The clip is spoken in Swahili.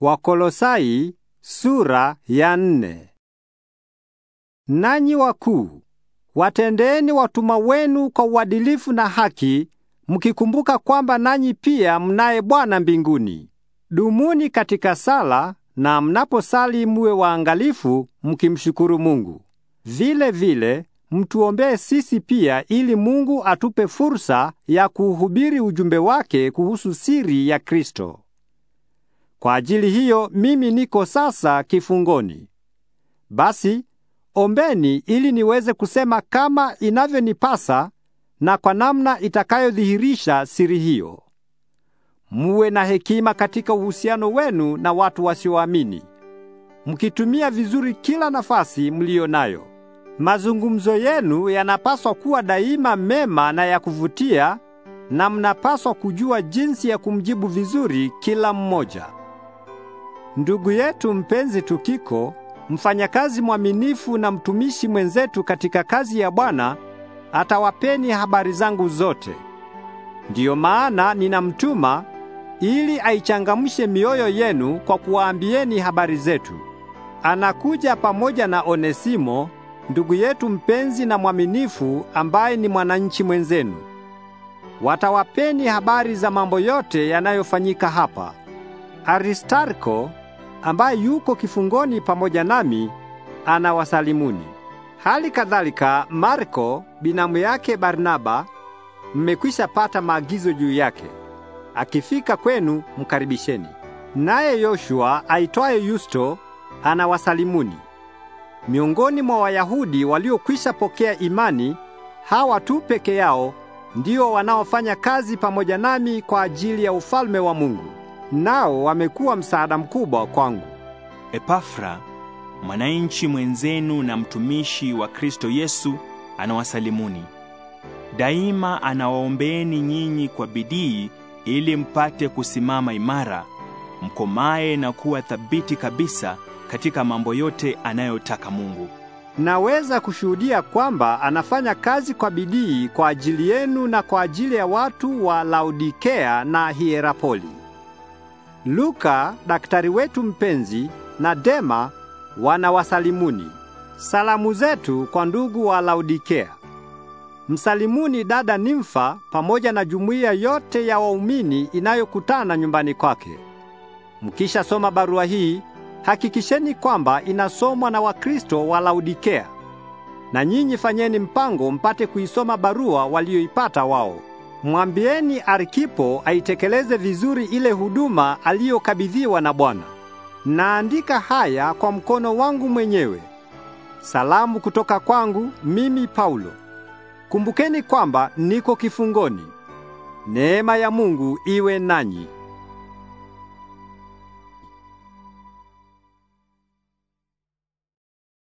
Wakolosai sura ya nne. Nanyi wakuu, watendeni watumwa wenu kwa uadilifu na haki, mkikumbuka kwamba nanyi pia mnaye Bwana mbinguni. Dumuni katika sala na mnaposali muwe waangalifu mkimshukuru Mungu. Vile vile mtuombee sisi pia ili Mungu atupe fursa ya kuhubiri ujumbe wake kuhusu siri ya Kristo. Kwa ajili hiyo mimi niko sasa kifungoni. Basi ombeni ili niweze kusema kama inavyonipasa na kwa namna itakayodhihirisha siri hiyo. Muwe na hekima katika uhusiano wenu na watu wasioamini, mkitumia vizuri kila nafasi mliyo nayo. Mazungumzo yenu yanapaswa kuwa daima mema na ya kuvutia, na mnapaswa kujua jinsi ya kumjibu vizuri kila mmoja ndugu yetu mpenzi Tukiko, mfanyakazi mwaminifu na mtumishi mwenzetu katika kazi ya Bwana, atawapeni habari zangu zote. Ndiyo maana ninamtuma ili aichangamshe mioyo yenu kwa kuwaambieni habari zetu. Anakuja pamoja na Onesimo, ndugu yetu mpenzi na mwaminifu ambaye ni mwananchi mwenzenu. Watawapeni habari za mambo yote yanayofanyika hapa. Aristarko ambaye yuko kifungoni pamoja nami anawasalimuni. Hali kadhalika Marko binamu yake Barnaba mmekwisha pata maagizo juu yake. Akifika kwenu mkaribisheni. Naye Yoshua aitwaye Yusto anawasalimuni. Miongoni mwa Wayahudi waliokwisha pokea imani, hawa tu peke yao ndio wanaofanya kazi pamoja nami kwa ajili ya ufalme wa Mungu nao wamekuwa msaada mkubwa kwangu. Epafra, mwananchi mwenzenu na mtumishi wa Kristo Yesu, anawasalimuni. Daima anawaombeeni nyinyi kwa bidii ili mpate kusimama imara, mkomae na kuwa thabiti kabisa katika mambo yote anayotaka Mungu. Naweza kushuhudia kwamba anafanya kazi kwa bidii kwa ajili yenu na kwa ajili ya watu wa Laodikea na Hierapoli. Luka daktari wetu mpenzi na Dema wanawasalimuni. Salamu zetu kwa ndugu wa Laodikea. Msalimuni dada Nimfa pamoja na jumuiya yote ya waumini inayokutana nyumbani kwake. Mkishasoma barua hii, hakikisheni kwamba inasomwa na Wakristo wa Laodikea. Na nyinyi fanyeni mpango mpate kuisoma barua walioipata wao. Mwambieni Arkipo aitekeleze vizuri ile huduma aliyokabidhiwa na Bwana. Naandika haya kwa mkono wangu mwenyewe. Salamu kutoka kwangu mimi Paulo. Kumbukeni kwamba niko kifungoni. Neema ya Mungu iwe nanyi.